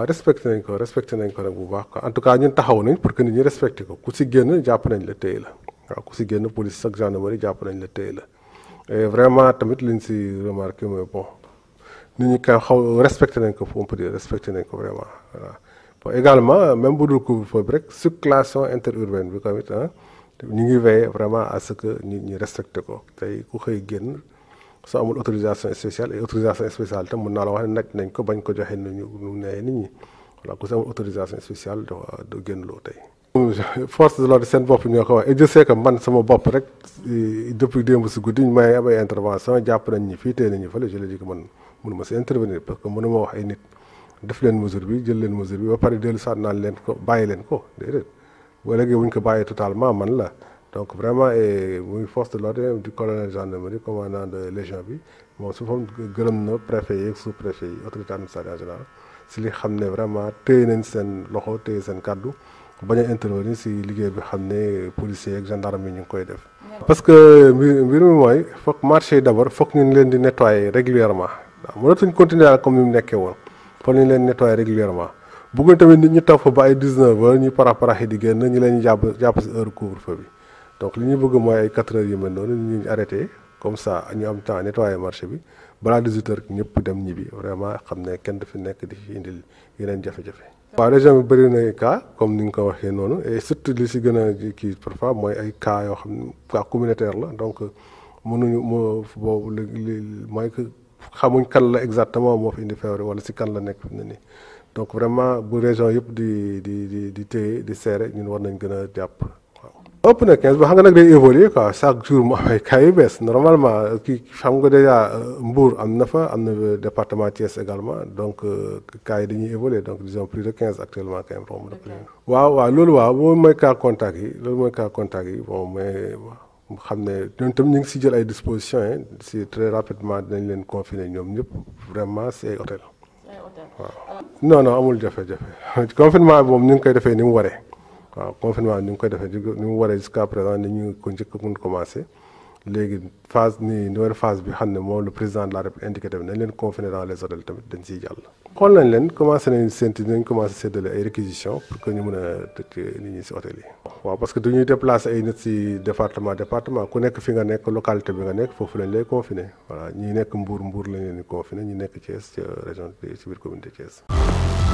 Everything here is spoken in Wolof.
waaw nañ ko respecté nañ ko nag bu baax quoi en tout cas ñun taxaw nañ pour que nit ñi respecté ko ku si génn jàpp nañ la téye la waaw ku si génn police ak gendarmerie jàpp nañ la téye la vraiment tamit liñ si remarqué mooy bon nit ñi ka xaw respecté nañ ko on peut dire respecté nañ ko vraiment voilà bon également même bu dul couvre rek su rek circulation interurbaine bi tamit ah ñu ngi veillé vraiment à ce que nit ñi respecté ko tey ku xëy génn su amul autorisation spéciale et autorisation spéciale tam mun naa la wax nag nañ ko bañ ko joxe nu ñu nee nit ñi voilà ku si amul autorisation spéciale dafa du génn loo tey. force de l'ordre seen bopp ñoo ko wax et je man sama bopp rek eh, depuis démb si guddi ñu may am ay intervention jàpp nañ ñi fii tee nañu fële je le dis que man mënuma si intervenir parce que mënuma wax ay nit def leen mesure bi jël leen mesure bi ba pare dellu saat naan leen ko bàyyi leen ko déedéet boo léegi bu ko bàyyee totalement man la. donc vraiment et muy force de l'ordre di colonel gendarmerie commandant de légion bi moom su fam gërëm na préfet yi ak sous préfet yi autorité administration générale si li xam ne vraiment tey nañ seen loxo téye seen kàddu bañ a intervenir si liggéey bi xam ne policiers ak gendarme yi ñu ngi koy def parce que mbir mi mooy foog marché yi d'abord ñu leen di nettoyer régulièrement a mënatuñ continuer daal comme ni mu nekkee woon foog ñu leen nettoyer régulièrement bëgguñ ñu taw ba ay 19 heures ñu paraparax yi di génn bi donc li ñu bëgg mooy ay quatre heures yu mel noonu ñu arrêté comme sa ñu am temps nettoyer marché bi balaa 18 heures ñëpp dem ñibbi vraiment xam ne kenn dafa nekk di fi indil yeneen jafe-jafe. waaw région bi bëri na cas comme ni nga ko waxee noonu et surtout li si gën a kii parfois mooy ay cas yoo xam ne cas communautaire la donc mënuñu moo boobu li mooy que xamuñ kan la exactement moo fi indi feebar wala si kan la nekk fi mu ne nii donc vraiment bu région yëpp di di di di téye di seere ñun war nañ gën a jàpp. opp na 15 ba xam nga nag day évoluer quoi chaque jour mu am ay cas yu bees normalement kii xam nga déjà euh, Mbour am na fa am na département Thiès également donc euh, cas yi dañuy évoluer donc disons plus de 15 actuellement quand même romb na waaw waaw loolu waaw moom mooy cas contact yi loolu mooy cas contact yi bon mais xam ne ñoom tam ñu ngi si jël ay dispositions yi si très rapidement dinañ leen confiner ñoom ñëpp vraiment si ay hôtel waaw non amul jafe-jafe confinement bi ñu ngi koy defee ni mu waree waaw confinement ni ñu koy defee ni mu waree jusqu'à présent ni ñu ko njëkk mun commencé léegi phase ni nouvelle phase bi xam ne moom le président de la république indiqué tamit nañ leen confiner dans les hôtels tamit dañ siy jàll. xool nañ leen commencé nañ sénti nañ commencé séddale ay réquisition pour que ñu mën a tëj nit ñi si hôtel yi. waaw parce que du ñuy déplacé ay nit si département département ku nekk fi nga nekk localité bi nga nekk foofu lañ lay confiné voilà ñi nekk Mbour Mbour lañ leen di confiné ñi nekk Thiès ci région ci biir commune de Thiès.